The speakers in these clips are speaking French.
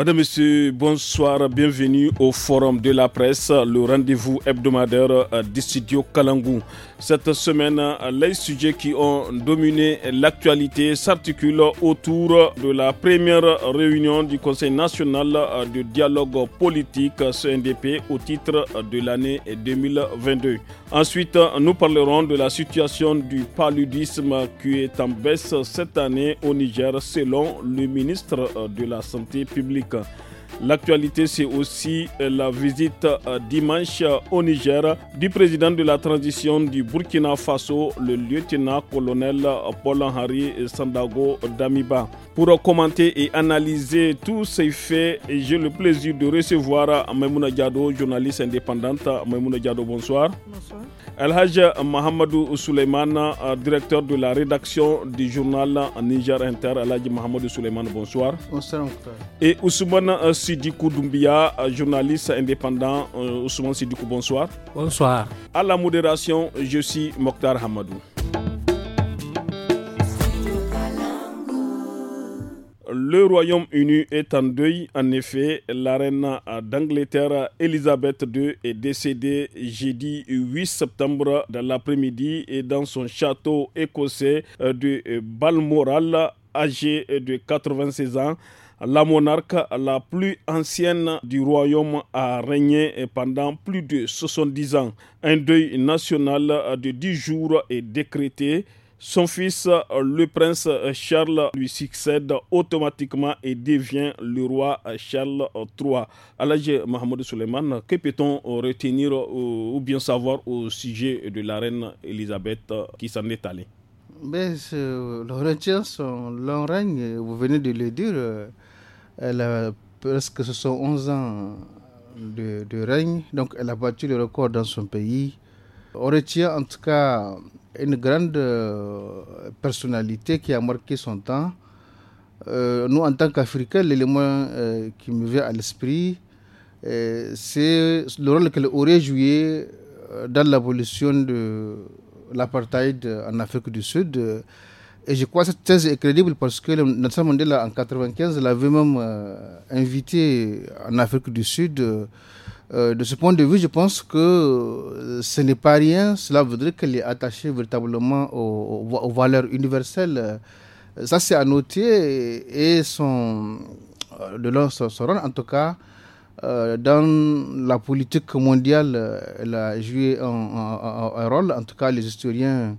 Madame, Monsieur, bonsoir, bienvenue au Forum de la presse, le rendez-vous hebdomadaire euh, du studio Kalangou. Cette semaine, les sujets qui ont dominé l'actualité s'articulent autour de la première réunion du Conseil national euh, de dialogue politique CNDP au titre de l'année 2022. Ensuite, nous parlerons de la situation du paludisme qui est en baisse cette année au Niger selon le ministre euh, de la Santé publique. Легко. L'actualité, c'est aussi euh, la visite euh, dimanche euh, au Niger du président de la transition du Burkina Faso, le lieutenant-colonel Paul-Henri Sandago Damiba. Pour commenter et analyser tous ces faits, j'ai le plaisir de recevoir Maimouna Diado, journaliste indépendante. Maimouna Diado, bonsoir. Bonsoir. Alhaj Mohamedou Souleymane, directeur de la rédaction du journal Niger Inter. Alhaj Mohamedou Souleymane, bonsoir. Bonsoir. Et Ousmane Sidikou Doumbia, journaliste indépendant. Euh, Ousmane coup bonsoir. Bonsoir. À la modération, je suis Mokhtar Hamadou. le Royaume-Uni est en deuil. En effet, la reine d'Angleterre, Elisabeth II, est décédée jeudi 8 septembre dans l'après-midi et dans son château écossais de Balmoral, âgée de 96 ans. La monarque la plus ancienne du royaume a régné pendant plus de 70 ans. Un deuil national de 10 jours est décrété. Son fils, le prince Charles, lui succède automatiquement et devient le roi Charles III. Alage Mahmoud Suleiman, que peut-on retenir ou bien savoir au sujet de la reine Elisabeth qui s'en est allée mais, ben, euh, le son long règne, vous venez de le dire, euh, elle a presque ce sont 11 ans de, règne, donc elle a battu le record dans son pays. On retient en tout cas une grande euh, personnalité qui a marqué son temps. Euh, nous, en tant qu'Africains, l'élément euh, qui me vient à l'esprit, c'est le rôle qu'elle aurait joué dans l'abolition de l'apartheid en Afrique du Sud. Et je crois que cette thèse est crédible parce que Nelson Mandela, en 1995, l'avait même euh, invité en Afrique du Sud. Euh, euh, de ce point de vue, je pense que ce n'est pas rien. Cela voudrait qu'elle est attachée véritablement aux, valeurs universelles. Ça, c'est à noter. Et son, de là, son, en tout cas, dans la politique mondiale, elle a joué un rôle. En tout cas, les historiens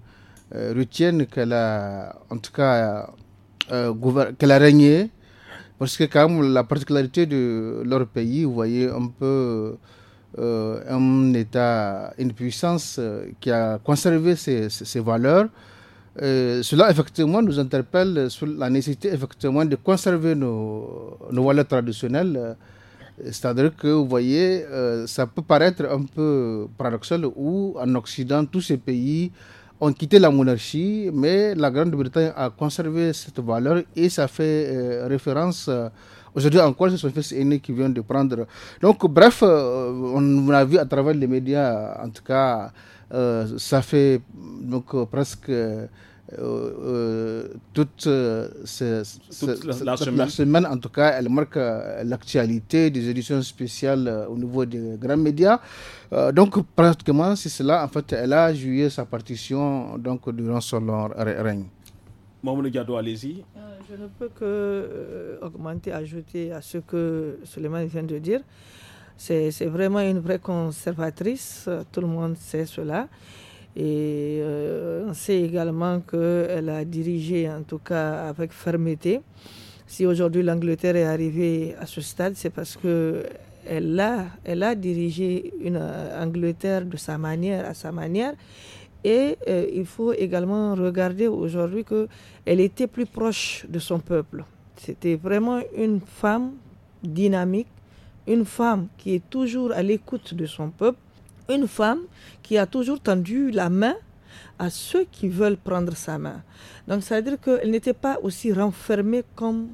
euh, retiennent qu'elle a, en tout cas, qu'elle a régné. Parce que quand même, la particularité de leur pays, vous voyez un peu euh, un État, une puissance euh, qui a conservé ses, ses, valeurs. cela, effectivement, nous interpelle sur la nécessité, effectivement, de conserver nos, nos valeurs traditionnelles. C'est-à-dire que, vous voyez, ça peut paraître un peu paradoxal où, en Occident, tous ces pays on quitté la monarchie, mais la Grande-Bretagne a conservé cette valeur et ça fait euh, référence. Euh, aujourd'hui encore, c'est son fils aîné qui vient de prendre. Donc, bref, euh, on a vu à travers les médias, en tout cas, ça fait donc presque euh, euh, toute, euh, ce, la, semaine. en tout cas, elle marque l'actualité des éditions spéciales au niveau des grands médias. donc, pratiquement, c'est cela. En fait, elle a joué sa partition donc, durant son règne. allez-y. je ne peux que augmenter, ajouter à ce que Suleiman vient de dire. C'est vraiment une vraie conservatrice, tout le monde sait cela. Et euh, on sait également qu'elle a dirigé, en tout cas avec fermeté. Si aujourd'hui l'Angleterre est arrivée à ce stade, c'est parce que elle a, elle a dirigé une euh, Angleterre de sa manière, à sa manière. Et euh, il faut également regarder aujourd'hui qu'elle était plus proche de son peuple. C'était vraiment une femme dynamique, une femme qui est toujours à l'écoute de son peuple une femme qui a toujours tendu la main à ceux qui veulent prendre sa main. Donc ça veut dire qu'elle n'était pas aussi renfermée comme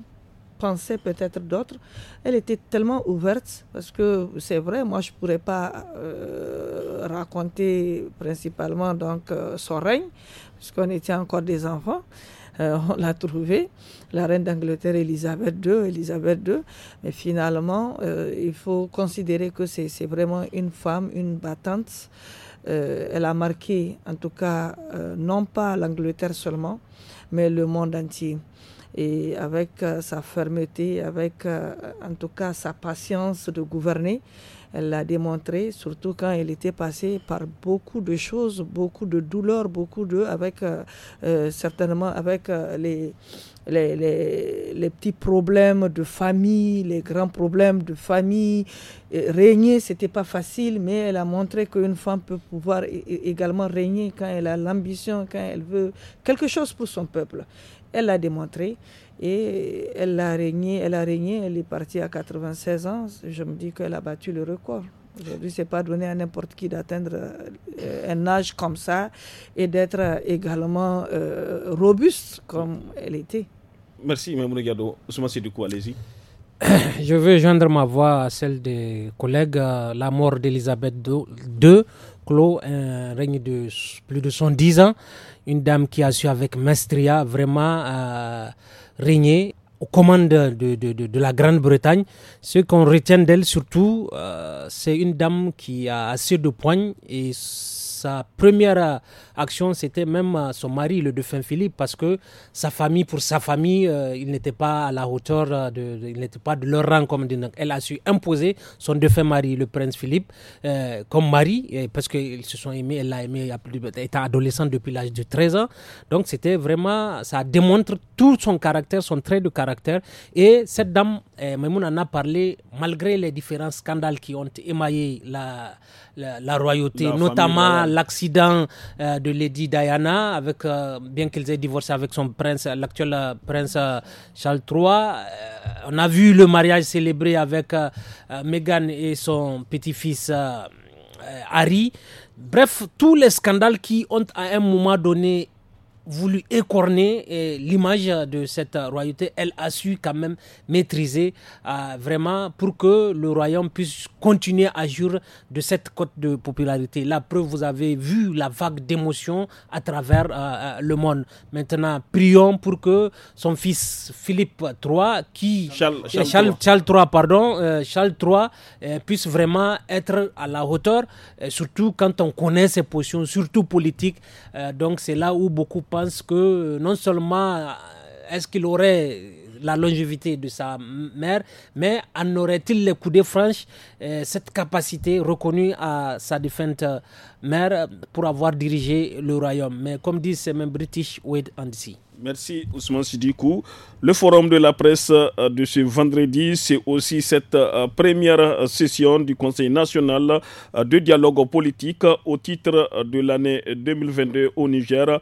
pensaient peut-être d'autres. Elle était tellement ouverte parce que c'est vrai, moi je ne pourrais pas euh, raconter principalement donc euh, son règne puisqu'on était encore des enfants. Euh, on l'a trouvé, la reine d'Angleterre Elisabeth II, Elisabeth II. Mais finalement, euh, il faut considérer que c'est vraiment une femme, une battante. Euh, elle a marqué, en tout cas, non pas l'Angleterre seulement, mais le monde entier et avec sa fermeté, avec en tout cas sa patience de gouverner, elle l'a démontré, surtout quand elle était passée par beaucoup de choses, beaucoup de douleurs, beaucoup de, avec euh, euh, certainement avec euh, les, les, petits problèmes de famille, les grands problèmes de famille. Régner, ce n'était pas facile, mais elle a montré qu'une femme peut pouvoir également régner quand elle a l'ambition, quand elle veut quelque chose pour son peuple. Elle l'a démontré et elle a régné, elle a régné, elle est partie à 96 ans. Je me dis qu'elle a battu le record. Aujourd'hui, n'est pas donné à n'importe qui d'atteindre euh, un âge comme ça et d'être également euh, robuste comme elle était. Merci, Mme Gado. du coup, allez-y. Je veux joindre ma voix à celle des collègues. Euh, la mort d'Elisabeth II clôt un règne de plus de 110 ans une dame qui a su avec maestria vraiment euh, régner aux commandes de, la Grande-Bretagne. Ce qu'on retient d'elle surtout, euh, c'est une dame qui a assez de poigne et sa première euh, action, c'était même euh, son mari, le défunt Philippe, parce que sa famille, pour sa famille, euh, il n'était pas à la hauteur, de, il n'était pas de leur rang comme dit. Elle a su imposer son défunt mari, le prince Philippe, comme mari, parce qu'ils se sont aimés, elle l'a aimé étant adolescente depuis l'âge de 13 ans. Donc c'était vraiment, ça démontre tout son caractère, son trait de caractère. Et cette dame, euh, Maimoun en a parlé, malgré les différents scandales qui ont émaillé la, la, royauté, notamment l'accident euh, de Lady Diana, avec, euh, bien qu'elle ait divorcé avec son prince, l'actuel euh, prince Charles III. on a vu le mariage célébré avec Meghan et son petit-fils Harry. Bref, tous les scandales qui ont à un moment donné voulu écorner euh, l'image de cette royauté, elle a su quand même maîtriser euh, vraiment pour que le royaume puisse continuer à jour de cette cote de popularité. La preuve, vous avez vu la vague d'émotions à travers euh, le monde. Maintenant, prions pour que son fils Philippe III, qui Charles, III, pardon, Charles III, puisse vraiment être à la hauteur, surtout quand on connaît ses positions, surtout politiques. donc c'est là où beaucoup pense que euh, non seulement euh, est-ce qu'il aurait la longévité de sa mère, mais en aurait-il les coups de euh, cette capacité reconnue à sa défunte mère pour avoir dirigé le royaume Mais comme disent même British, wait and see. Merci Ousmane Sidikou. Le forum de la presse euh, de ce vendredi, c'est aussi cette euh, première euh, session du Conseil national de dialogue politique au titre de l'année 2022 au Niger,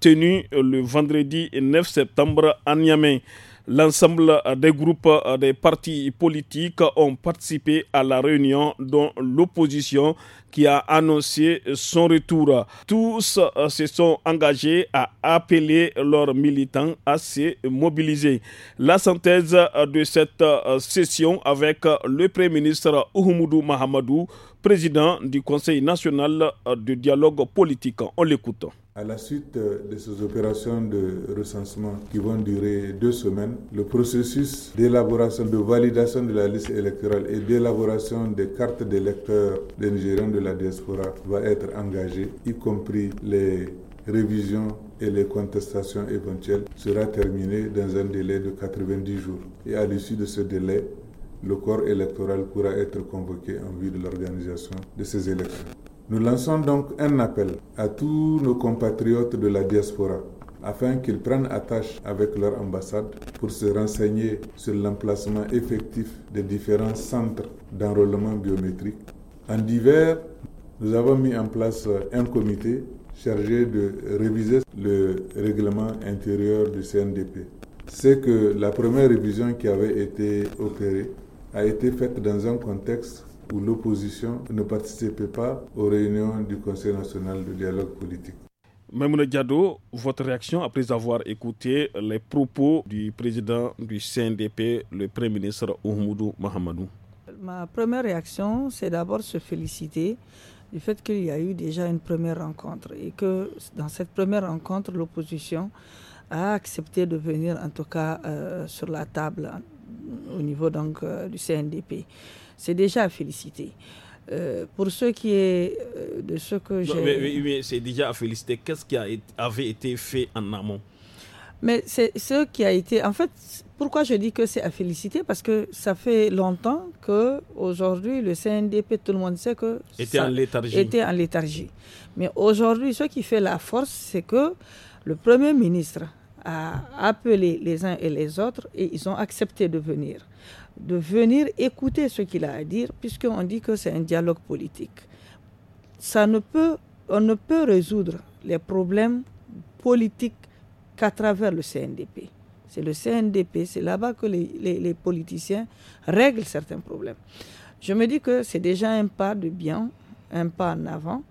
tenue le vendredi 9 septembre à Niamey. L'ensemble euh, des groupes euh, des partis politiques ont participé à la réunion dont l'opposition qui a annoncé son retour. Tous euh, se sont engagés à appeler leurs militants à se mobiliser. La synthèse de cette session avec le Premier ministre Oumoudou Mahamadou, président du Conseil national de dialogue politique. On l'écoute. À la suite euh, de ces opérations de recensement qui vont durer deux semaines, le processus d'élaboration, de validation de la liste électorale et d'élaboration des cartes d'électeurs des Nigériens de la diaspora va être engagé, y compris les révisions et les contestations éventuelles sera terminé dans un délai de 90 jours. Et à l'issue de ce délai, le corps électoral pourra être convoqué en vue de l'organisation de ces élections. Nous lançons donc un appel à tous nos compatriotes de la diaspora afin qu'ils prennent attache avec leur ambassade pour se renseigner sur l'emplacement effectif des différents centres d'enrôlement biométrique. En divers, nous avons mis en place un comité chargé de réviser le règlement intérieur du CNDP. C'est que la première révision qui avait été opérée a été faite dans un contexte où l'opposition ne participait pas aux réunions du Conseil national de dialogue politique. Mamouna Diado, votre réaction après avoir écouté les propos du président du CNDP, le Premier ministre Oumoudou Mahamadou Ma première réaction, c'est d'abord se féliciter du fait qu'il y a eu déjà une première rencontre et que dans cette première rencontre, l'opposition a accepté de venir en tout cas euh, sur la table au niveau donc euh, du CNDP c'est déjà à féliciter. Euh, pour ce qui est euh, de ce que j'ai... Mais, mais, c'est déjà à féliciter. Qu'est-ce qui a avait été fait en amont Mais c'est ce qui a été... En fait, pourquoi je dis que c'est à féliciter Parce que ça fait longtemps que aujourd'hui le CNDP, tout le monde sait que... Était en léthargie. Était en léthargie. Mais aujourd'hui, ce qui fait la force, c'est que le Premier ministre a appelé les uns et les autres et ils ont accepté de venir. De venir écouter ce qu'il a à dire, puisqu'on dit que c'est un dialogue politique. Ça ne peut, on ne peut résoudre les problèmes politiques qu'à travers le CNDP. C'est le CNDP, c'est là-bas que les, les, politiciens règlent certains problèmes. Je me dis que c'est déjà un pas de bien, un pas en avant,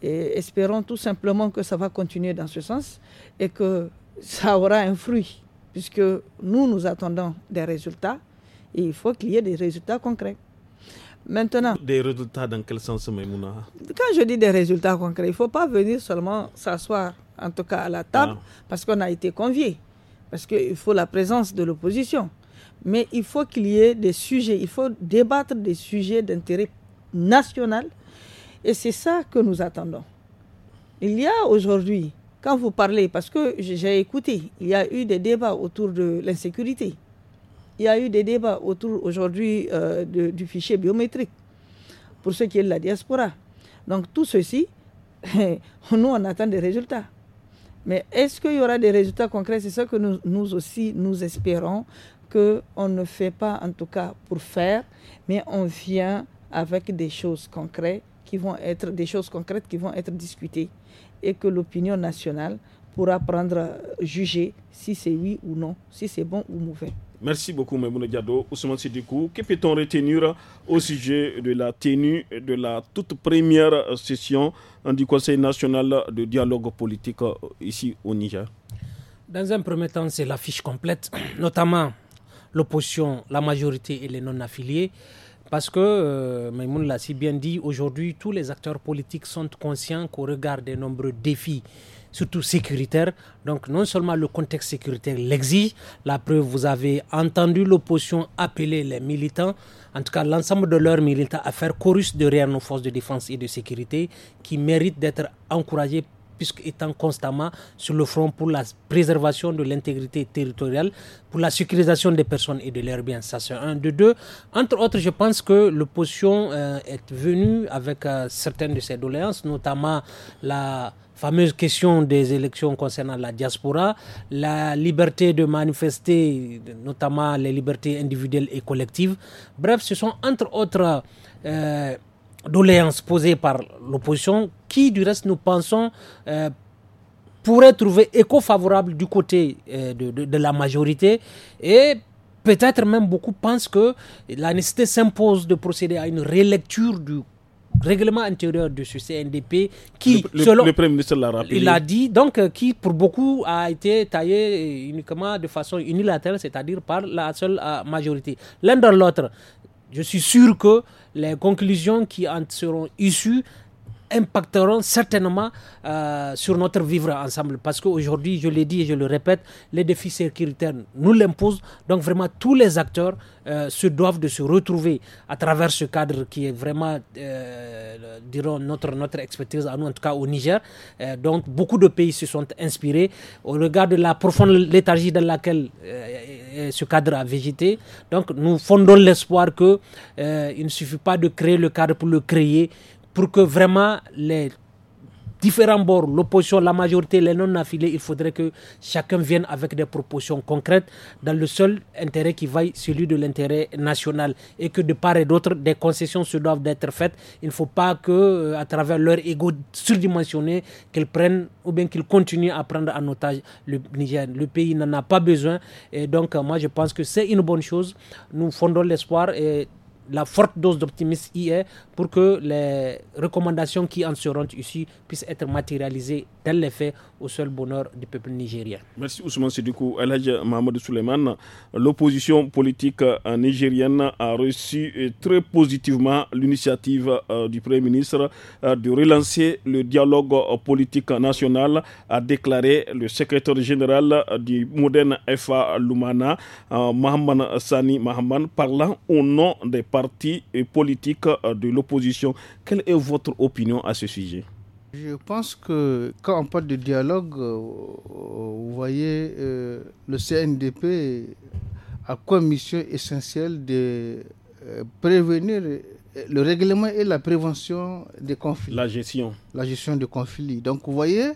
et espérons tout simplement que ça va continuer dans ce sens et que ça aura un fruit, puisque nous, nous attendons des résultats, et il faut qu'il y ait des résultats concrets. Maintenant. Des résultats dans quel sens, Maïmouna Quand je dis des résultats concrets, il ne faut pas venir seulement s'asseoir, en tout cas à la table, ah. parce qu'on a été convié, parce qu'il faut la présence de l'opposition. Mais il faut qu'il y ait des sujets, il faut débattre des sujets d'intérêt national, et c'est ça que nous attendons. Il y a aujourd'hui quand vous parlez, parce que j'ai écouté, il y a eu des débats autour de l'insécurité. Il y a eu des débats autour aujourd'hui euh, du fichier biométrique pour ce qui est de la diaspora. Donc tout ceci, nous on attend des résultats. Mais est-ce qu'il y aura des résultats concrets C'est ça que nous, aussi, nous espérons qu'on ne fait pas, en tout cas pour faire, mais on vient avec des choses concrètes qui vont être des choses concrètes qui vont être discutées et que l'opinion nationale pourra prendre, euh, juger si c'est oui ou non, si c'est bon ou mauvais. Merci beaucoup, Mme Diado. Ousmane Sidikou, que peut-on retenir au sujet de la tenue de la toute première session du Conseil national de dialogue politique euh, ici au Niger Dans un premier temps, c'est l'affiche complète, notamment l'opposition, la majorité et les non-affiliés. Parce que, euh, Maïmoun l'a si bien dit, aujourd'hui, tous les acteurs politiques sont conscients qu'au regard des nombreux défis, surtout sécuritaires, donc non seulement le contexte sécuritaire l'exige, la preuve, vous avez entendu l'opposition appeler les militants, en tout cas l'ensemble de leurs militants, à faire chorus derrière nos forces de défense et de sécurité, qui méritent d'être encouragés étant constamment sur le front pour la préservation de l'intégrité territoriale, pour la sécurisation des personnes et de leurs bien, Ça, c'est un. De deux, entre autres, je pense que l'opposition euh, est venue avec euh, certaines de ses doléances, notamment la fameuse question des élections concernant la diaspora, la liberté de manifester, notamment les libertés individuelles et collectives. Bref, ce sont entre autres euh, doléances posées par l'opposition, qui du reste nous pensons euh, pourrait trouver écho favorable du côté euh, de, la majorité et peut-être même beaucoup pensent que la nécessité s'impose de procéder à une relecture du règlement intérieur de ce CNDP qui, selon le Premier ministre l'a il a dit donc euh, qui pour beaucoup a été taillé uniquement de façon unilatérale, c'est-à-dire par la seule majorité. L'un dans l'autre, je suis sûr que les conclusions qui en seront issues impacteront certainement euh, sur notre vivre ensemble. Parce qu'aujourd'hui, je l'ai dit et je le répète, les défis sécuritaires nous l'imposent. Donc vraiment, tous les acteurs euh, se doivent de se retrouver à travers ce cadre qui est vraiment, euh, dirons, notre, notre expertise, en tout cas au Niger. donc beaucoup de pays se sont inspirés. Au regard de la profonde léthargie dans laquelle euh, ce cadre a végété. Donc nous fondons l'espoir que euh, il ne suffit pas de créer le cadre pour le créer, pour que vraiment les différents bords, l'opposition, la majorité, les non-affiliés, il faudrait que chacun vienne avec des propositions concrètes dans le seul intérêt qui vaille, celui de l'intérêt national. Et que de part et d'autre, des concessions se doivent d'être faites. Il ne faut pas que, euh, à travers leur ego surdimensionné, qu'ils prennent ou bien qu'ils continuent à prendre en otage le Niger. Le pays n'en a pas besoin. Et donc, euh, moi, je pense que c'est une bonne chose. Nous fondons l'espoir et la forte dose d'optimisme y est pour que les recommandations qui en seront ici puissent être matérialisées quel au seul bonheur du peuple nigérien. Merci Ousmane Sidikou. Alhaj Mohamed l'opposition politique nigérienne a reçu très positivement l'initiative euh, du Premier ministre euh, de relancer le dialogue politique national, a déclaré le secrétaire général euh, du moderne FA Lumana, Mohamed Sani Mohamed, parlant au nom des partis politiques de l'opposition. Quelle est votre opinion à ce sujet? Je pense que quand on parle de dialogue, euh, euh, vous voyez, euh, le CNDP a comme mission essentielle de prévenir le règlement et la prévention des conflits. La gestion. La gestion des conflits. Donc vous voyez,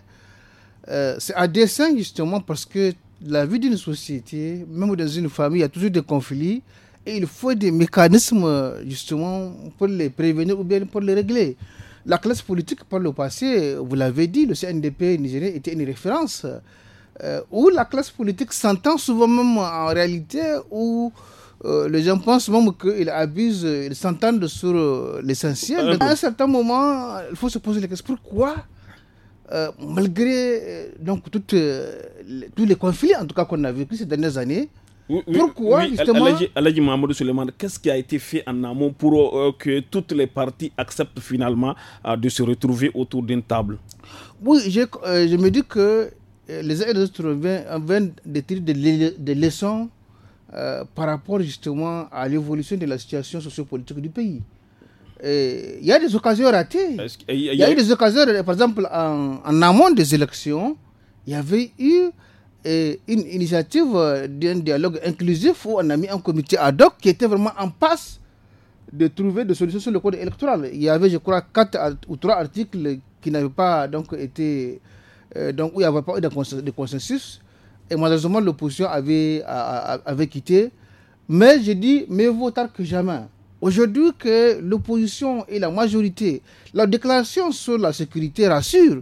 c'est à dessein justement parce que la vie d'une société, même dans une famille, il y a toujours des conflits et il faut des mécanismes justement pour les prévenir ou bien pour les régler. La classe politique, par le passé, vous l'avez dit, le CNDP nigérien était une référence Ou euh, où la classe politique s'entend souvent même en réalité où euh, les gens pensent même qu'ils abusent, ils s'entendent sur euh, l'essentiel. À un certain moment, il faut se poser la question pourquoi, malgré donc toutes, tous les conflits en tout cas qu'on a vécu ces dernières années, pourquoi justement qu'est-ce qui a été fait en amont pour euh, que toutes les parties acceptent finalement euh, de se retrouver autour d'une table Oui, je, euh, me dis que les uns et les autres viennent de des, leçons par rapport justement à l'évolution de la situation sociopolitique du pays. Il y a des occasions ratées. Il y, a eu des occasions, par exemple, en, en amont des élections, il y avait eu et une initiative euh, d'un dialogue inclusif où on a mis un comité ad hoc qui était vraiment en passe de trouver des solutions sur le code électoral. Il y avait, je crois, quatre ou trois articles qui n'avaient pas donc été. Euh, donc, où il n'y avait pas eu de consensus. Et malheureusement, l'opposition avait, avait quitté. Mais je dis, mais vaut tard que jamais. Aujourd'hui, que l'opposition et la majorité, la déclaration sur la sécurité rassure.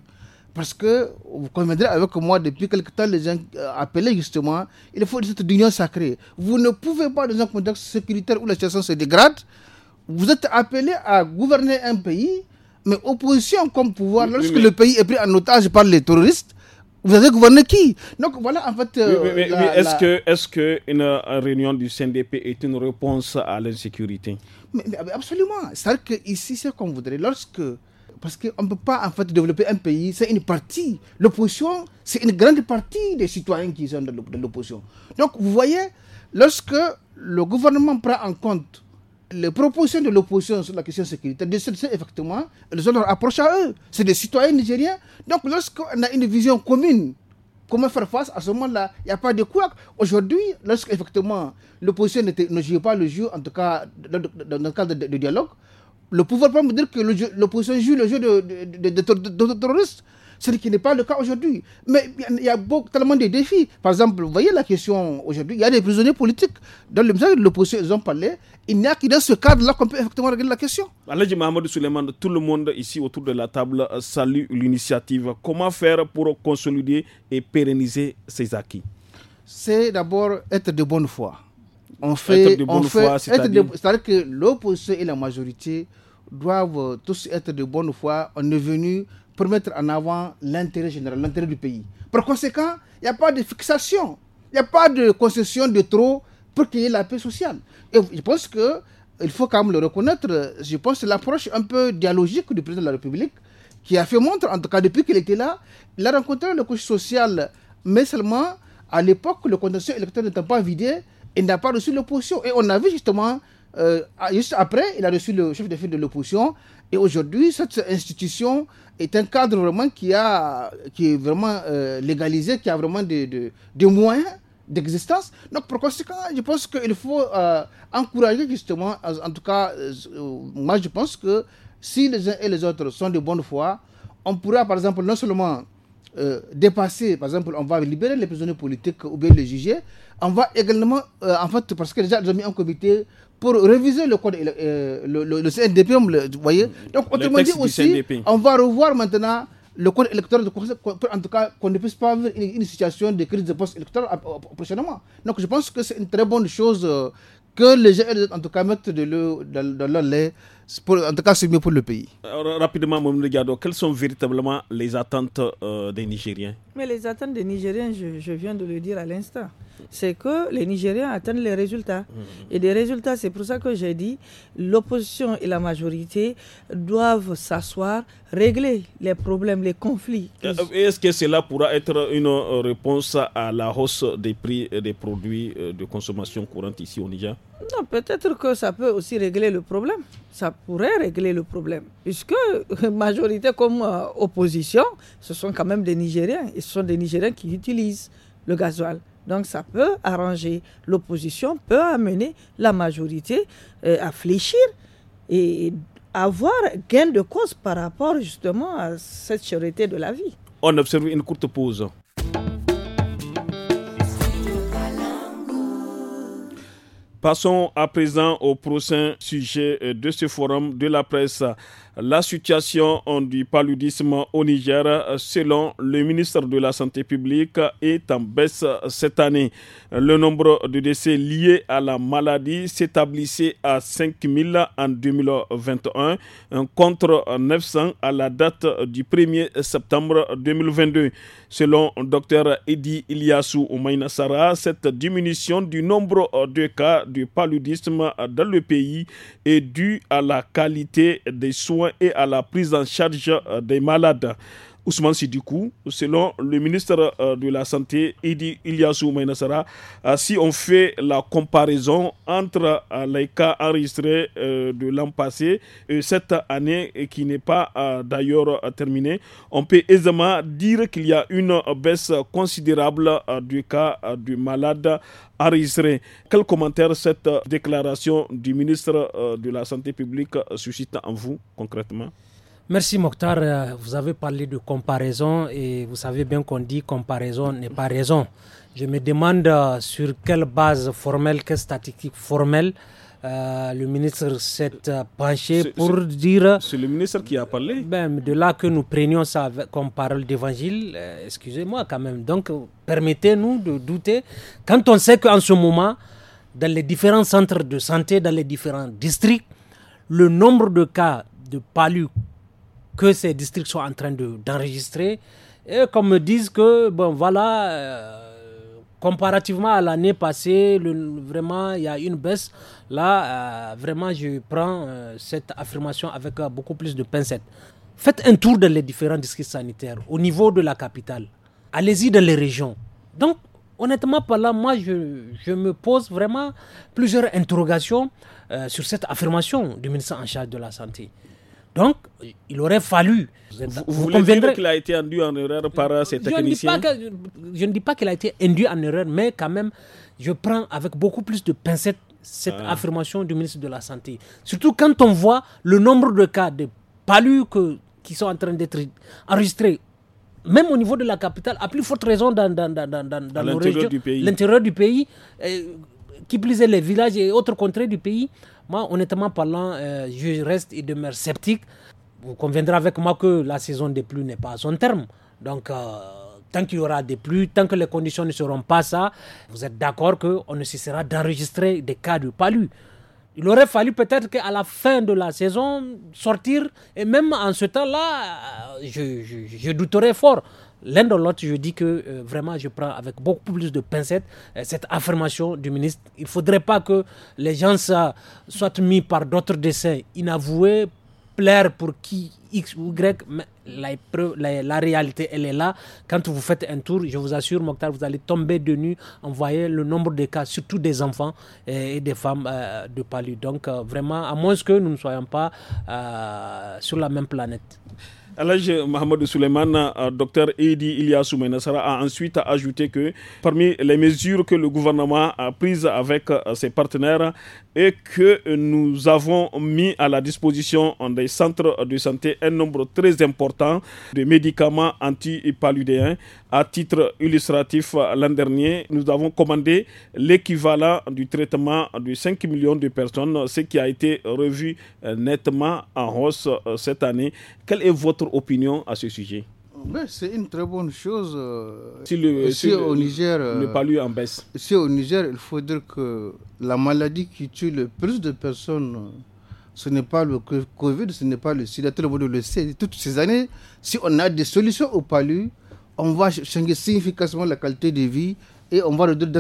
Parce que, vous conviendrez avec moi, depuis quelque temps, les gens euh, appelaient justement, il faut cette union sacrée. Vous ne pouvez pas, dans un contexte sécuritaire où la situation se dégrade, vous êtes appelé à gouverner un pays, mais opposition comme pouvoir, lorsque le pays est pris en otage par les terroristes, vous avez gouverner qui Donc voilà en fait. Euh, est-ce qu'une que est-ce que une euh, réunion du CNDP est une réponse à l'insécurité absolument. C'est-à-dire que ici, c'est vous voudrait. Lorsque parce qu'on ne peut pas en fait développer un pays, c'est une partie. L'opposition, c'est une grande partie des citoyens qui sont de l'opposition. Donc vous voyez, lorsque le gouvernement prend en compte les propositions de l'opposition sur la question sécurité, de effectivement, ils ont leur approche à eux. C'est des citoyens nigériens. Donc, lorsqu'on a une vision commune, comment faire face à ce moment-là Il n'y a pas de quoi. Aujourd'hui, lorsque effectivement l'opposition ne joue pas le jeu, en tout cas dans le cadre de, dialogue, le pouvoir peut me dire que l'opposition joue le jeu de, terroristes, ce qui n'est pas le cas aujourd'hui. Mais il y a tellement de défis. Par exemple, vous voyez la question aujourd'hui, il y a des prisonniers politiques. Dans le message de l'opposition, ils ont parlé. Il n'y a que dans ce cadre-là qu'on peut effectivement régler la question. Aladji Mohamed Souleymane, tout le monde ici autour de la table salue l'initiative. Comment faire pour consolider et pérenniser ces acquis C'est d'abord être de bonne foi on fait, fait, c'est-à-dire que l'opposition et la majorité doivent euh, tous être de bonne foi. On est venu pour mettre en avant l'intérêt général, l'intérêt du pays. Par conséquent, il n'y a pas de fixation, il n'y a pas de concession de trop pour qu'il y ait la paix sociale. Et je pense que il faut quand même le reconnaître. Je pense que l'approche un peu dialogique du président de la République, qui a fait montre, en tout cas depuis qu'il était là, il a rencontré le couche sociale, mais seulement à l'époque, le contentieux électoral n'était pas vidé il n'a pas reçu l'opposition. Et on a vu justement, euh, juste après, il a reçu le chef de file de l'opposition. Et aujourd'hui, cette institution est un cadre vraiment qui, a, qui est vraiment euh, légalisé, qui a vraiment des, moyens d'existence. Donc, pour conséquent, je pense qu'il faut euh, encourager justement, en, tout cas, moi je pense que si les uns et les autres sont de bonne foi, on pourra par exemple non seulement euh, dépasser, par exemple, on va libérer les prisonniers politiques ou bien les juger, on va également, euh, en fait, parce que déjà, ils ont mis un comité pour réviser le code, euh, le, le, CNDP, vous voyez. Donc, autrement dit aussi, on va revoir maintenant le code électoral, en tout cas, qu'on ne puisse pas avoir une, situation de crise de poste électoral prochainement. Donc, je pense que c'est une très bonne chose que les gens en tout cas mettent de l'eau dans, leur lait, en tout cas c'est mieux pour le pays. Euh, rapidement, Mme Gado, quelles sont véritablement les attentes euh, des Nigériens Mais les attentes des Nigériens, je, je viens de le dire à l'instant c'est que les Nigériens attendent les résultats. Mmh, mmh, mmh. Et des résultats, c'est pour ça que j'ai dit, l'opposition et la majorité doivent s'asseoir, régler les problèmes, les conflits. Euh, est-ce que cela pourra être une euh, réponse à la hausse des prix des produits euh, de consommation courante ici au Niger non, peut-être que ça peut aussi régler le problème. Ça pourrait régler le problème. Puisque majorité comme opposition, ce sont quand même des Nigériens. Et ce sont des Nigériens qui utilisent le gasoil. Donc ça peut arranger. L'opposition peut amener la majorité euh, à fléchir et avoir gain de cause par rapport justement à cette charité de la vie. On observe une courte pause. Passons à présent au prochain sujet euh, de ce forum de la presse la situation du paludisme au Niger, selon le ministre de la Santé publique, est en baisse cette année. Le nombre de décès liés à la maladie s'établissait à 5000 en 2021 contre 900 à la date du 1er septembre 2022. Selon docteur Edi Iliassou Sarah, cette diminution du nombre de cas de paludisme dans le pays est due à la qualité des soins et à la prise en charge euh, des malades. Ousmane Sidikou, selon le ministre euh, de la Santé, Idi Ilyassou mainassara euh, si on fait la comparaison entre euh, les cas enregistrés de l'an passé et cette année qui n'est pas d'ailleurs terminée, on peut aisément dire qu'il y a une baisse considérable du cas du malade enregistré. Quel commentaire cette déclaration du ministre de la Santé publique suscite en vous concrètement Merci Mokhtar. Euh, vous avez parlé de comparaison et vous savez bien qu'on dit comparaison n'est pas raison. Je me demande euh, sur quelle base formelle, quelle statistique formelle euh, le ministre s'est penché pour dire. C'est le ministre qui a parlé. Ben, de là que nous prenions ça comme parole d'évangile, excusez-moi quand même. Donc, permettez-nous de douter. Quand on sait qu'en ce moment, dans les différents centres de santé, dans les différents districts, le nombre de cas de palus que ces districts sont en train d'enregistrer. et qu'on me dise que, bon, voilà, euh, comparativement à l'année passée, le, vraiment, il y a une baisse. Là, euh, vraiment, je prends euh, cette affirmation avec beaucoup plus de pincettes. Faites un tour dans les différents districts sanitaires au niveau de la capitale. Allez-y dans les régions. Donc, honnêtement par là moi, je, je, me pose vraiment plusieurs interrogations sur cette affirmation du ministre en charge de la Santé. Donc, il aurait fallu. Vous, vous, dire qu'il a été induit en erreur par ces techniciens Je ne dis pas qu'il a été induit en erreur, mais quand même, je prends avec beaucoup plus de pincettes cette ah. affirmation du ministre de la Santé. Surtout quand on voit le nombre de cas de palus que, qui sont en train d'être enregistrés, même au niveau de la capitale, à plus forte raison dans, l'intérieur du pays, du euh, pays qui plaisait les villages et autres contrées du pays. Moi, honnêtement parlant, euh, je reste et demeure sceptique. Vous conviendrez avec moi que la saison des pluies n'est pas à son terme. Donc, euh, tant qu'il y aura des pluies, tant que les conditions ne seront pas ça, vous êtes d'accord qu'on ne cessera d'enregistrer des cas de palus. Il aurait fallu peut-être qu'à la fin de la saison sortir, et même en ce temps-là, euh, je, douterai je douterais fort l'un dans l'autre, je dis que euh, vraiment, je prends avec beaucoup plus de pincettes euh, cette affirmation du ministre. Il ne faudrait pas que les gens soient mis par d'autres dessins inavoués, plaire pour qui X ou Y, mais la, réalité, elle est là. Quand vous faites un tour, je vous assure, Mokhtar, vous allez tomber de nu en voyant le nombre de cas, surtout des enfants euh, et, des femmes de palu. Donc, vraiment, à moins que nous ne soyons pas sur la même planète. Alaj Mohamed Souleymane, euh, docteur Edi Ilia Soumenassara, a ensuite ajouté que parmi les mesures que le gouvernement a prises avec euh, ses partenaires et que nous avons mis à la disposition des centres de santé un nombre très important de médicaments antipaludéens à titre illustratif, l'an dernier, nous avons commandé l'équivalent du traitement de 5 millions de personnes, ce qui a été revu euh, nettement en hausse euh, cette année. Quelle est votre opinion à ce sujet ben, c'est une très bonne chose. Euh, si, au Niger, le, palu en baisse. Si au Niger, il faut dire que la maladie qui tue le plus de personnes, ce n'est pas le Covid, ce n'est pas le sida. Tout le Toutes ces années, si on a des solutions au palu, on va changer significativement la qualité de vie et on va réduire,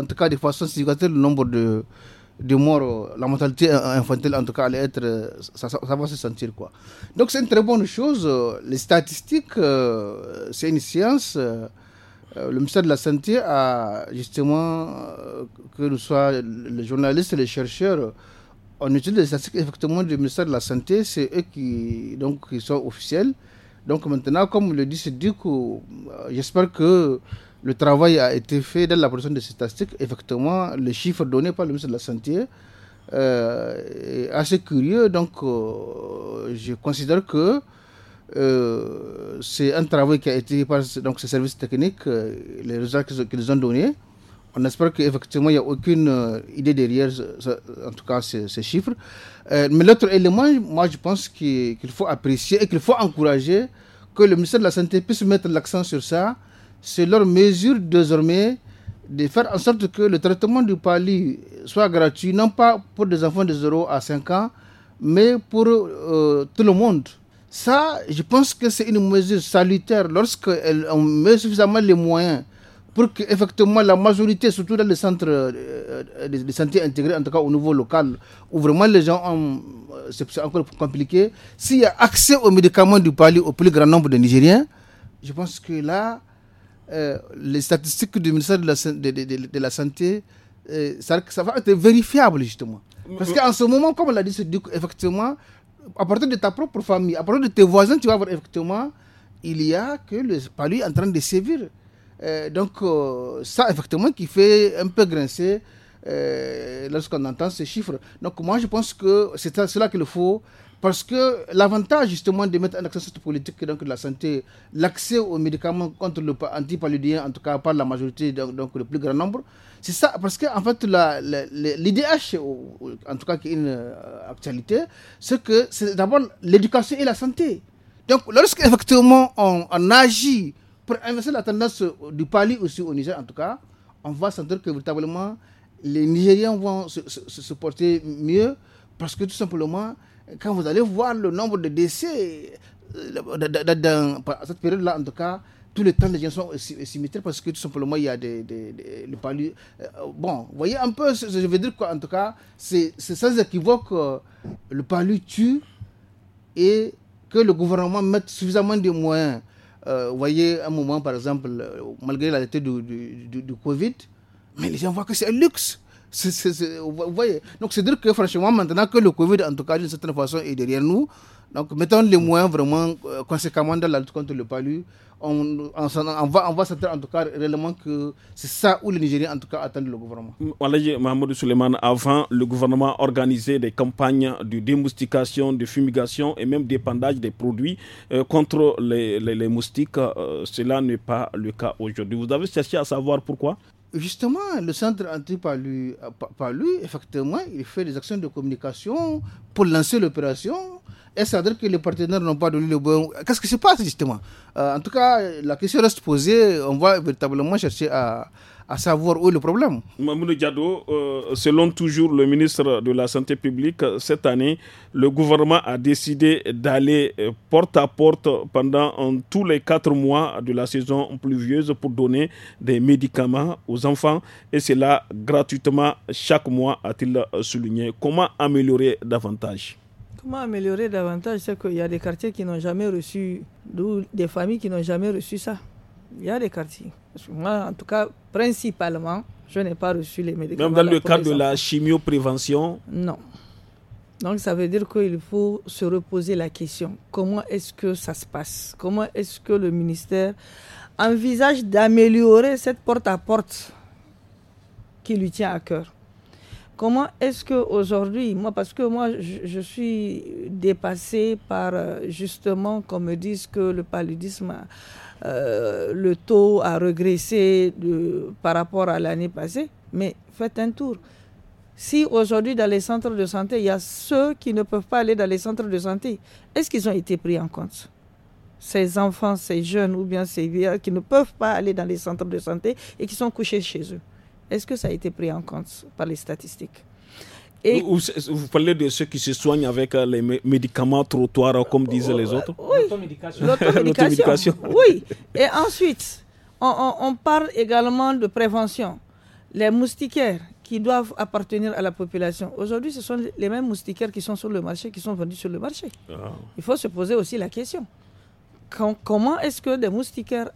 en tout cas de façon significative, le nombre de, de morts. Euh, la mortalité euh, infantile, en tout cas, être, euh, ça, va se sentir. quoi. Donc c'est une très bonne chose. Les statistiques, c'est une science. le ministère de la Santé a justement, que nous soient les journalistes les chercheurs, on utilise les statistiques effectivement du ministère de la Santé, c'est eux qui, donc, qui sont officiels. Donc maintenant, comme le dit coup euh, j'espère que le travail a été fait dans la production de ces statistiques. Effectivement, le chiffre donné par le ministre de la Santé euh, est assez curieux. Donc, euh, je considère que c'est un travail qui a été par donc, ces services techniques, les résultats qu'ils ont donnés on espère qu'effectivement, il n'y a aucune euh, idée derrière, en tout cas, ces, chiffres. Euh, mais l'autre élément, moi, je pense qu'il faut apprécier et qu'il faut encourager que le ministère de la Santé puisse mettre l'accent sur ça. C'est leur mesure désormais de faire en sorte que le traitement du pali soit gratuit, non pas pour des enfants de 0 à 5 ans, mais pour euh, tout le monde. Ça, je pense que c'est une mesure salutaire lorsqu'on met suffisamment les moyens pour que effectivement la majorité, surtout dans les centres euh, euh, de santé intégrés, en tout cas au niveau local, où vraiment les gens ont, euh, c'est encore compliqué, s'il y a accès aux médicaments du palais au plus grand nombre de Nigériens, je pense que là, les statistiques du ministère de la, de, la Santé, ça, ça, va être vérifiable justement. Parce qu'en ce moment, comme on l'a dit, effectivement, à partir de ta propre famille, à partir de tes voisins, tu vas voir effectivement, il y a que le palais en train de sévir. Euh, donc, euh, ça, effectivement, qui fait un peu grincer euh, lorsqu'on entend ces chiffres. Donc, moi, je pense que c'est cela qu'il faut. Parce que l'avantage justement de mettre en accent cette politique donc, de la santé, l'accès aux médicaments contre le antipaludien, en tout cas par la majorité, donc, le plus grand nombre, c'est ça. Parce qu'en en fait, l'IDH, en tout cas qui est une actualité, c'est que c'est d'abord l'éducation et la santé. Donc lorsqu'effectivement on agit pour inverser la tendance du Pali aussi au Niger, en tout cas, on va sentir que véritablement les Nigériens vont se, porter mieux parce que tout simplement, quand vous allez voir le nombre de décès euh, dans cette période-là, en tout cas, tout le temps, les gens sont cimetières parce que tout simplement, il y a des, le palu. Euh, bon, vous voyez un peu, je veux dire quoi, en tout cas, c'est sans équivoque, euh, le palu tue et que le gouvernement mette suffisamment de moyens euh, vous voyez, un moment, par exemple, euh, malgré la tête du, du, Covid, mais les gens voient que c'est un luxe. vous voyez Donc, c'est dire que franchement, maintenant que le Covid, en tout cas, d'une certaine façon, est derrière nous, donc, mettons les moyens vraiment euh, conséquemment dans la lutte contre le palu. On, va, s'attendre en tout cas réellement que c'est ça où le Nigeria en tout cas attend le gouvernement. Suleiman, avant le gouvernement organisait des campagnes de démoustication, de fumigation et même d'épandage des produits euh, contre les, moustiques. Euh, cela n'est pas le cas aujourd'hui. Vous avez cherché à savoir pourquoi Justement, le centre anti-palu, effectivement, il fait des actions de communication pour lancer l'opération. Est-ce à dire que les partenaires n'ont pas donné le bon. Qu'est-ce qui se passe justement euh, En tout cas, la question reste posée. On va véritablement chercher à, savoir où est le problème. Mamoudou Diado, euh, selon toujours le ministre de la Santé publique, cette année, le gouvernement a décidé d'aller euh, porte à porte pendant tous les quatre mois de la saison pluvieuse pour donner des médicaments aux enfants et cela gratuitement chaque mois, a-t-il souligné. Comment améliorer davantage Comment améliorer davantage C'est qu'il y a des quartiers qui n'ont jamais reçu, des familles qui n'ont jamais reçu ça. Il y a des quartiers. Moi, en tout cas, principalement, je n'ai pas reçu les médicaments. Même dans le cadre de la chimioprévention Non. Donc ça veut dire qu'il faut se reposer la question. Comment est-ce que ça se passe Comment est-ce que le ministère envisage d'améliorer cette porte à porte qui lui tient à cœur Comment est-ce qu'aujourd'hui, moi, parce que moi, je, suis dépassée par euh, justement qu'on me dise que le paludisme, euh, le taux a regressé par rapport à l'année passée, mais faites un tour. Si aujourd'hui, dans les centres de santé, il y a ceux qui ne peuvent pas aller dans les centres de santé, est-ce qu'ils ont été pris en compte Ces enfants, ces jeunes ou bien ces vieux qui ne peuvent pas aller dans les centres de santé et qui sont couchés chez eux. Est-ce que ça a été pris en compte par les statistiques vous, parlez de ceux qui se soignent avec euh, les médicaments trottoirs, comme disaient les autres oh, Oui, l'automédication. oui, et ensuite, on, parle également de prévention. Les moustiquaires qui doivent appartenir à la population. Aujourd'hui, ce sont les mêmes moustiquaires qui sont sur le marché, qui sont vendus sur le marché. Ah. Il faut se poser aussi la question. comment est-ce que des moustiquaires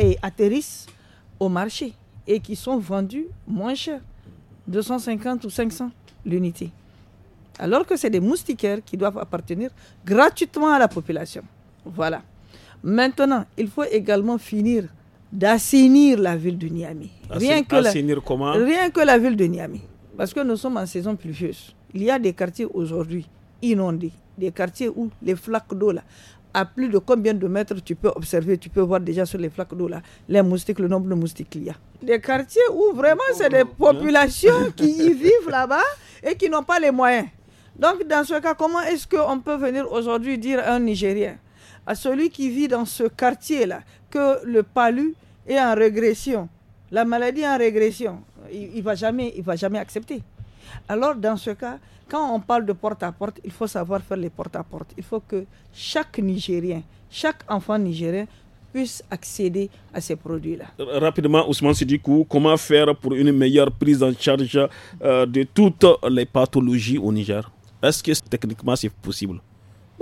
eh, atterrissent au marché et qui sont vendus moins cher, 250 ou 500 l'unité. Alors que c'est des moustiquaires qui doivent appartenir gratuitement à la population. Voilà. Maintenant, il faut également finir d'assainir la ville de Niamey. Rien, que la, rien que la ville de Niamey. Parce que nous sommes en saison pluvieuse. Il y a des quartiers aujourd'hui inondés, des quartiers où les flaques d'eau là à plus de combien de mètres tu peux observer, tu peux voir déjà sur les flaques d'eau là, les moustiques, le nombre de moustiques qu'il y a. Des quartiers où vraiment c'est des oh, populations qui y vivent là-bas et qui n'ont pas les moyens. Donc dans ce cas, comment est-ce qu'on peut venir aujourd'hui dire à un Nigérien, à celui qui vit dans ce quartier là, que le palu est en régression, la maladie est en régression, il, ne va jamais, il va jamais accepter. Alors dans ce cas, quand on parle de porte-à-porte, il faut savoir faire les porte-à-porte. Il faut que chaque Nigérien, chaque enfant nigérien puisse accéder à ces produits-là. Euh, rapidement, Ousmane Sidikou, comment faire pour une meilleure prise en charge euh, de toutes les pathologies au Niger Est-ce que techniquement c'est possible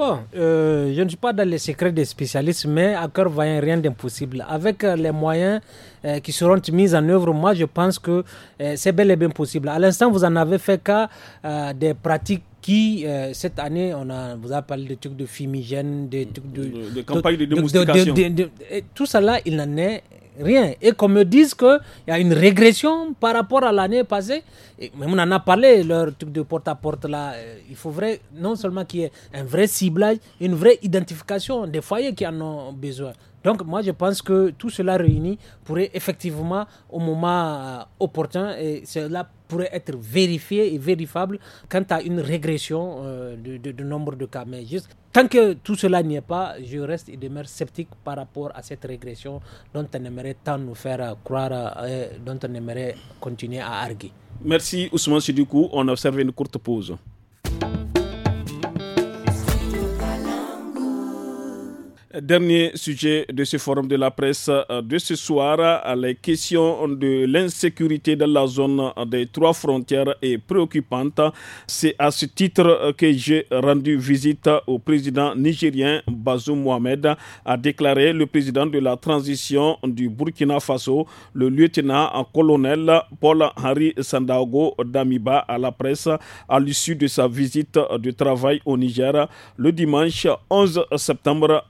Bon, euh, je ne suis pas dans les secrets des spécialistes, mais à cœur vaillant, rien d'impossible. Avec euh, les moyens euh, qui seront mis en œuvre, moi, je pense que c'est bel et bien possible. À l'instant, vous en avez fait cas des pratiques qui, euh, cette année, on a, vous a parlé de trucs de fumigène, de trucs de... de, campagnes de démoustication. tout cela il n'en est rien. Et qu'on me dise qu'il y a une régression par rapport à l'année passée. Mais on en a parlé, leur truc de porte-à-porte là. Euh, il faudrait non seulement qu'il y ait un vrai ciblage, une vraie identification des foyers qui en ont besoin. Donc moi je pense que tout cela réuni pourrait effectivement au moment euh, opportun et c'est là pourrait être vérifié et vérifiable quant à une régression euh, du de, nombre de cas. Mais juste, tant que tout cela n'y est pas, je reste et demeure sceptique par rapport à cette régression dont on aimerait tant nous faire euh, croire euh, et dont on aimerait continuer à arguer. Merci Ousmane coup On observe une courte pause. Dernier sujet de ce forum de la presse euh, de ce soir, euh, les questions de l'insécurité dans la zone euh, des trois frontières est préoccupante. C'est à ce titre que j'ai rendu visite au président nigérien Bazoum Mohamed, a déclaré le président de la transition du Burkina Faso, le lieutenant-colonel Paul Henri Sandago Damiba à la presse à l'issue de sa visite de travail au Niger le dimanche 11 septembre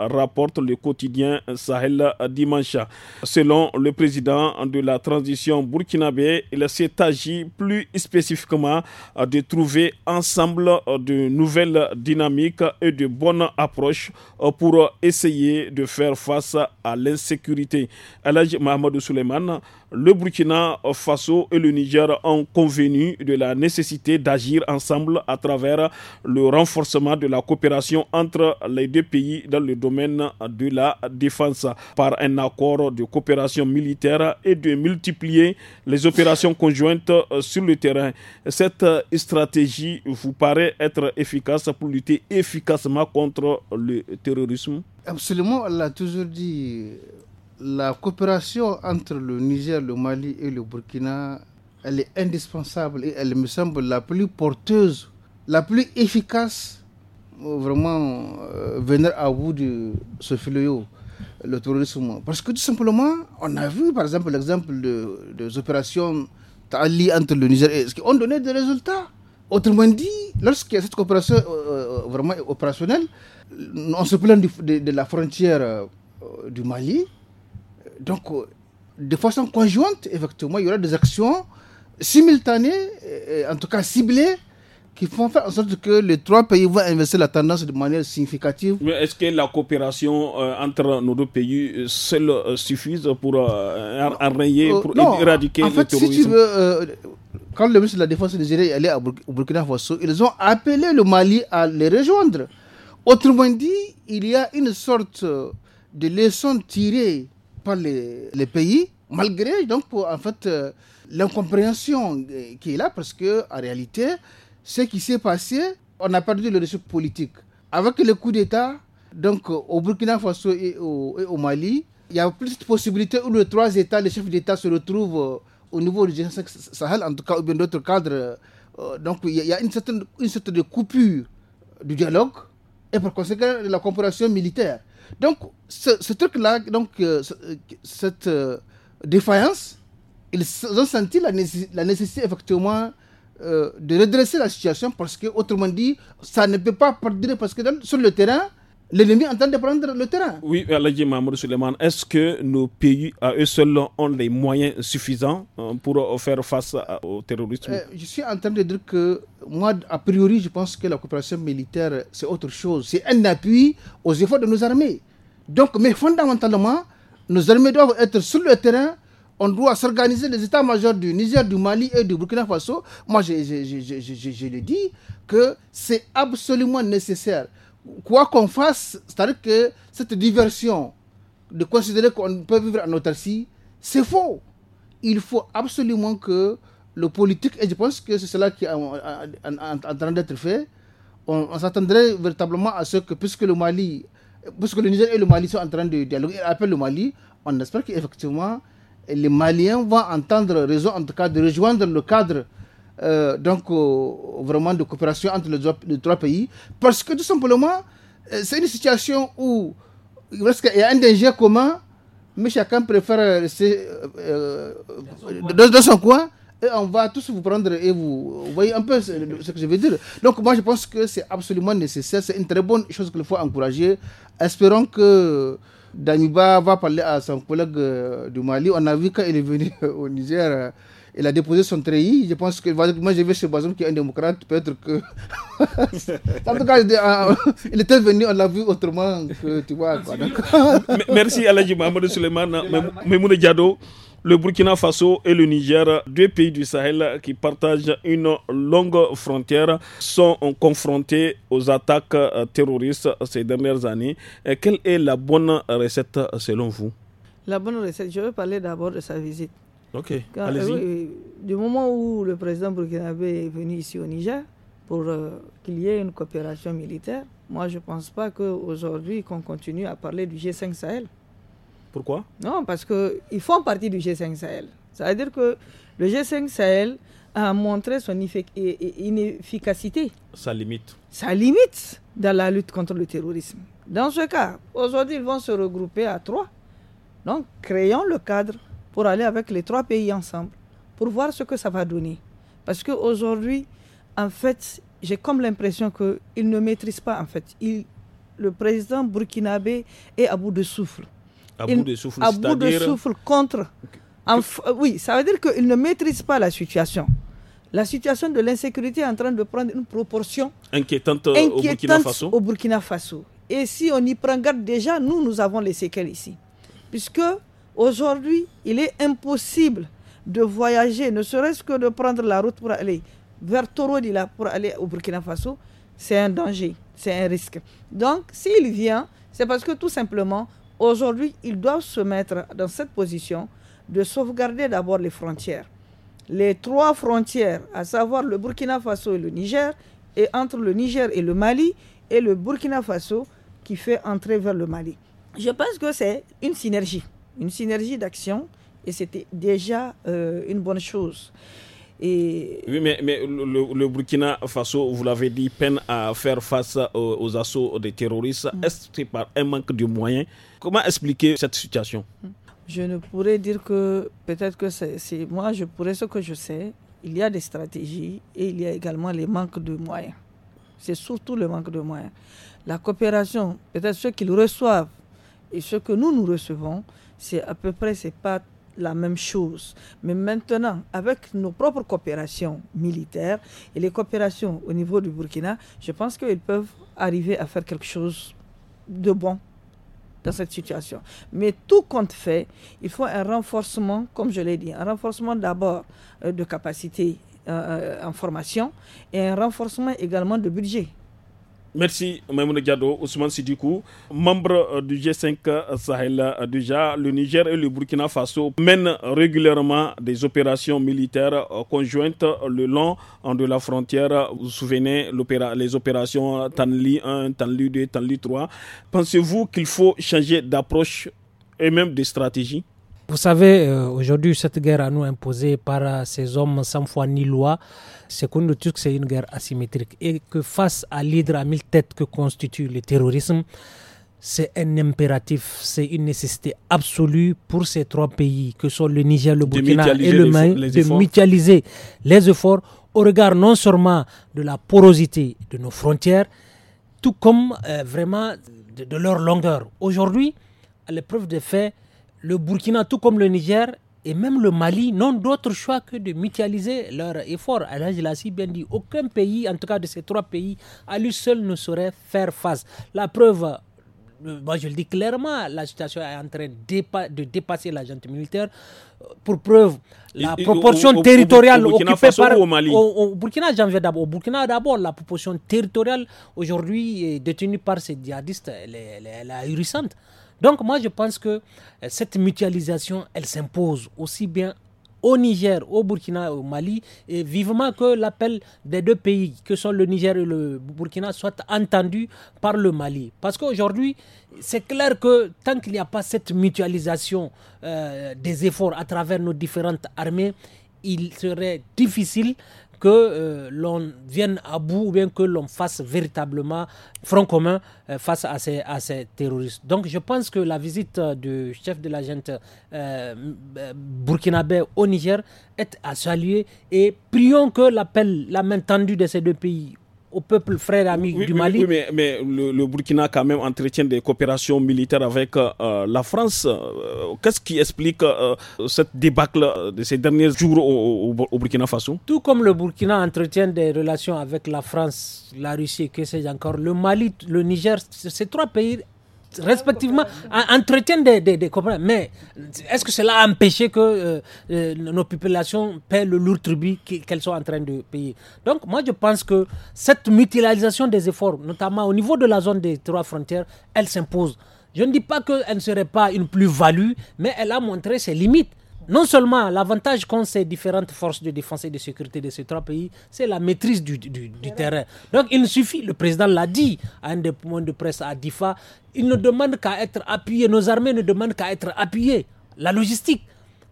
le quotidien Sahel dimanche. Selon le président de la transition burkinabé, il s'est agi plus spécifiquement de trouver ensemble de nouvelles dynamiques et de bonnes approches pour essayer de faire face à l'insécurité. Alaj Mohamed Souleymane, le Burkina Faso et le Niger ont convenu de la nécessité d'agir ensemble à travers le renforcement de la coopération entre les deux pays dans le domaine de la défense par un accord de coopération militaire et de multiplier les opérations conjointes euh, sur le terrain. Cette stratégie vous paraît être efficace pour lutter efficacement contre le terrorisme Absolument, elle l'a toujours dit la coopération entre le Niger, le Mali et le Burkina, elle est indispensable et elle me semble la plus porteuse, la plus efficace, euh, vraiment euh, venir à bout de ce fléau, le terrorisme. Parce que tout simplement, on a vu par exemple l'exemple des opérations Tali entre le Niger et qui ont donné des résultats. Autrement dit, lorsqu'il a cette coopération euh, vraiment opérationnelle, on se plaint de, la frontière du Mali, donc, euh, de façon conjointe, effectivement, il y aura des actions simultanées, euh, en tout cas ciblées, qui font faire en sorte que les trois pays vont inverser la tendance de manière significative. Mais est-ce que la coopération euh, entre nos deux pays seule pour enrayer, pour éradiquer en fait, le terrorisme si tu veux, quand le ministre de la Défense nigérien est allé au Burkina Faso, ils ont appelé le Mali à les rejoindre. Autrement dit, il y a une sorte de leçon tirée par les, pays, malgré donc pour, en fait euh, l'incompréhension euh, qui est là, parce que en réalité, ce qui s'est passé, on a perdu le leadership politique. Avec le coup d'État, donc au Burkina Faso et au, Mali, il y a plus de possibilités où les trois États, les chefs d'État se retrouvent euh, au niveau du G5 Sahel, en tout cas, ou bien d'autres cadres. donc il y a une certaine, une certaine coupure du dialogue et par conséquent de la coopération militaire. Donc, ce, truc-là, donc, euh, euh, cette euh, défaillance, ils ont senti la, nécessité, effectivement de redresser la situation parce que, autrement dit, ça ne peut pas perdurer parce que sur le terrain, l'ennemi en train de prendre le terrain. Oui, Aladji Mahmoud Suleiman, est-ce que nos pays, à eux seuls, ont les moyens suffisants euh, pour euh, faire face au terrorisme euh, Je suis en train de dire que moi, a priori, je pense que la coopération militaire, c'est autre chose. C'est un appui aux efforts de nos armées. Donc, mais fondamentalement, nos armées doivent être sur le terrain on doit s'organiser les états-majors du Niger, du Mali et du Burkina Faso. Moi, je, je, dis que c'est absolument nécessaire quoi qu'on fasse, c'est-à-dire que cette diversion de considérer qu'on peut vivre en autarcie, c'est faux. Il faut absolument que le politique, et je pense que c'est cela qui est en, train d'être fait, on, s'attendrait véritablement à ce que, puisque le Mali, puisque le Niger et le Mali sont en train de dialoguer, le Mali, on espère qu'effectivement, les Maliens vont entendre raison, en tout cas, de rejoindre le cadre euh, donc, euh, vraiment de coopération entre les, trois, pays, parce que tout simplement, euh, c'est une situation où il y a un danger commun, mais chacun préfère rester dans, son coin. Et on va tous vous prendre et vous, voyez un peu ce, ce, que je veux dire. Donc moi je pense que c'est absolument nécessaire, c'est une très bonne chose qu'il faut encourager. Espérons que Daniba va parler à son collègue du Mali. On a vu quand il est venu au Niger il a déposé son treillis. Je pense que moi, j'ai vu ce Bazoum qui est un démocrate. Peut-être que. en tout cas, euh, euh, il était venu, on l'a vu autrement que tu vois. Quoi, Merci Aladji Mohamed Suleiman, Memoune Diado. Le Burkina Faso et le Niger, deux pays du Sahel qui partagent une longue frontière, sont confrontés aux attaques euh, terroristes ces dernières années. Et quelle est la bonne recette selon vous La bonne recette, je vais parler d'abord de sa visite. Ok, eh du moment où le président Faso est venu ici au Niger pour euh, qu'il y ait une coopération militaire, moi je ne pense pas qu'aujourd'hui qu'on continue à parler du G5 Sahel. Pourquoi Non, parce qu'ils font partie du G5 Sahel. Ça veut dire que le G5 Sahel a montré son inefficacité. Sa limite. Sa limite dans la lutte contre le terrorisme. Dans ce cas, aujourd'hui, ils vont se regrouper à trois. Donc, créons le cadre aller avec les trois pays ensemble, pour voir ce que ça va donner. Parce qu'aujourd'hui, en fait, j'ai comme l'impression qu'ils ne maîtrisent pas, en fait. Il, le président burkinabé est à bout de souffle. À bout de souffle, à bout de souffle contre. oui, ça veut dire qu'il ne maîtrisent pas la situation. La situation de l'insécurité est en train de prendre une proportion inquiétante, au, Burkina Faso. au Burkina Faso. Et si on y prend garde déjà, nous, nous avons les séquelles ici. Puisque Aujourd'hui, il est impossible de voyager, ne serait-ce que de prendre la route pour aller vers Torodila pour aller au Burkina Faso, c'est un danger, c'est un risque. Donc, s'il vient, c'est parce que tout simplement, aujourd'hui, ils doivent se mettre dans cette position de sauvegarder d'abord les frontières. Les trois frontières, à savoir le Burkina Faso et le Niger, et entre le Niger et le Mali, et le Burkina Faso qui fait entrer vers le Mali. Je pense que c'est une synergie une synergie d'action, et c'était déjà euh, une bonne chose. Et oui, mais, le, Burkina Faso, vous l'avez dit, peine à faire face euh, aux, assauts des terroristes. Mm. Est-ce que c'est par un manque de moyens Comment expliquer cette situation mm. Je ne pourrais dire que peut-être que c'est moi, je pourrais ce que je sais. Il y a des stratégies et il y a également les manques de moyens. C'est surtout le manque de moyens. La coopération, peut-être ceux qu'ils reçoivent et ceux que nous, nous recevons, c'est à peu près, c'est pas la même chose. Mais maintenant, avec nos propres coopérations militaires et les coopérations au niveau du Burkina, je pense qu'ils peuvent arriver à faire quelque chose de bon dans cette situation. Mais tout compte fait, il faut un renforcement, comme je l'ai dit, un renforcement d'abord euh, de capacité euh, euh, en formation et un renforcement également de budget. Merci Maimouna Diado, Ousmane Sidikou, membre euh, du G5 euh, Sahel euh, déjà, le Niger et le Burkina Faso mènent régulièrement des opérations militaires conjointes le long de la frontière. Vous vous souvenez les opérations Tanli 1, Tanli 2, Tanli 3. Pensez-vous qu'il faut changer d'approche et même de stratégie vous savez, euh, aujourd'hui, cette guerre à nous imposée par ces hommes sans foi ni loi, c'est nous dit que c'est une guerre asymétrique. Et que face à l'hydre à mille têtes que constitue le terrorisme, c'est un impératif, c'est une nécessité absolue pour ces trois pays, que sont le Niger, le Burkina et le Mali, de mutualiser les efforts au regard non seulement de la porosité de nos frontières, tout comme euh, vraiment de leur longueur. Aujourd'hui, à l'épreuve des faits, le Burkina, tout comme le Niger et même le Mali, n'ont d'autre choix que de mutualiser leurs efforts. Alors, je si bien dit, aucun pays, en tout cas de ces trois pays, à lui seul ne saurait faire face. La preuve, moi je le dis clairement, la situation est en train de dépasser l'agent militaire. Pour preuve, la proportion territoriale occupée par. au, Burkina, j'en d'abord. Au Burkina, d'abord, la proportion territoriale aujourd'hui détenue par ces djihadistes, elle est, elle est ahurissante. Donc, moi, je pense que euh, cette mutualisation, elle s'impose aussi bien au Niger, au Burkina, au Mali, et vivement que l'appel des deux pays, que sont le Niger et le Burkina, soit entendu par le Mali. Parce qu'aujourd'hui, c'est clair que tant qu'il n'y a pas cette mutualisation euh, des efforts à travers nos différentes armées, il serait difficile que euh, l'on vienne à bout ou bien que l'on fasse véritablement front commun euh, face à ces, terroristes. Donc je pense que la visite euh, du chef de la burkinabé au Niger est à saluer et prions que l'appel, la main tendue de ces deux pays au peuple frère ami du Mali. Oui, mais, le, Burkina quand même entretient des coopérations militaires avec euh, la France. Euh, qu'est-ce qui explique euh, cette débâcle de ces derniers jours au, Burkina Faso Tout comme le Burkina entretient des relations avec la France, la Russie, que sais encore, le Mali, le Niger, ces trois pays respectivement entretiennent des, des, Mais est-ce que cela a empêché que euh, euh, nos populations paient le lourd tribut qu'elles sont en train de payer Donc moi je pense que cette mutualisation des efforts, notamment au niveau de la zone des trois frontières, elle s'impose. Je ne dis pas qu'elle ne serait pas une plus-value, mais elle a montré ses limites non seulement l'avantage qu'ont ces différentes forces de défense et de sécurité de ces trois pays, c'est la maîtrise du, terrain. Donc il ne suffit, le président l'a dit à un des points de presse à Difa, il ne demande qu'à être appuyé, nos armées ne demandent qu'à être appuyées. La logistique,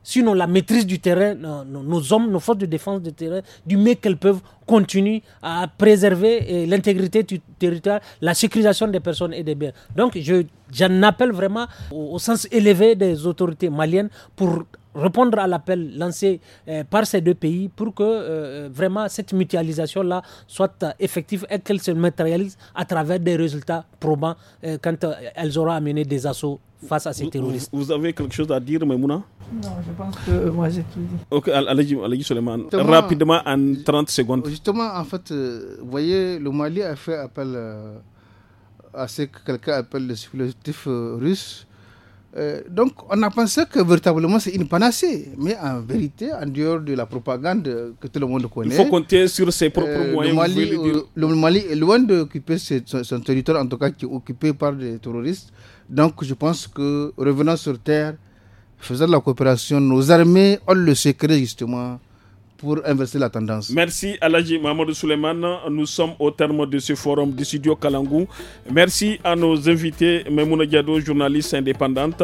sinon la maîtrise du terrain, nos, hommes, nos forces de défense du terrain, du mieux qu'elles peuvent, continuer à préserver eh, l'intégrité du territoire, la sécurisation des personnes et des biens. Donc j'en appelle vraiment au sens élevé des autorités maliennes pour répondre à l'appel lancé euh, par ces deux pays pour que euh, vraiment cette mutualisation-là soit effective et qu'elle se matérialise à travers des résultats probants euh, quand elles auront amené des assauts face à ces terroristes. Vous, avez quelque chose à dire, Maimouna Non, je pense que moi j'ai tout dit. Ok, y seulement rapidement en 30 secondes. Justement, en fait, vous voyez, le Mali a fait appel à ce que quelqu'un appelle le supplétif russe euh, donc, on a pensé que véritablement c'est une panacée. Mais en vérité, en dehors de la propagande que tout le monde connaît. Il faut compter sur ses propres euh, moyens. Euh, le Mali, est loin d'occuper son, son, territoire, en tout cas qui est occupé par des terroristes. Donc, je pense que revenant sur terre, faisant de la coopération, nos armées ont le secret justement pour inverser la tendance. Merci Alaji Mamadou Souleyman. Nous sommes au terme de ce forum du studio Kalangou. Merci à nos invités, Memouna Diado, journaliste indépendante,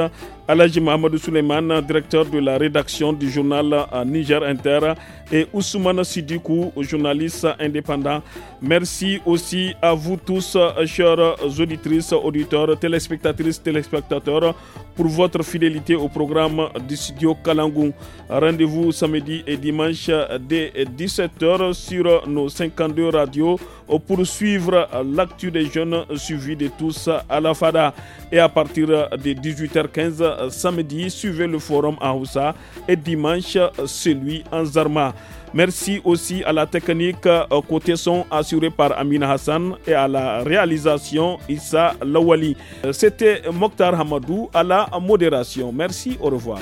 Alaji Mamadou Souleyman, directeur de la rédaction du journal Niger Inter, et Ousmane Sidikou, journaliste indépendant. Merci aussi à vous tous, chers auditrices, auditeurs, téléspectatrices, téléspectateurs pour votre fidélité au programme du studio Kalangou. Rendez-vous samedi et dimanche dès 17h sur nos 52 radios pour suivre l'actu des jeunes suivi de tous à la FADA. Et à partir de 18h15 samedi, suivez le forum à Houssa et dimanche celui en Zarma. Merci aussi à la technique euh, côté son assurée par Amina Hassan et à la réalisation Issa Lawali. Euh, c'était Mokhtar Hamadou à la modération. Merci, au revoir.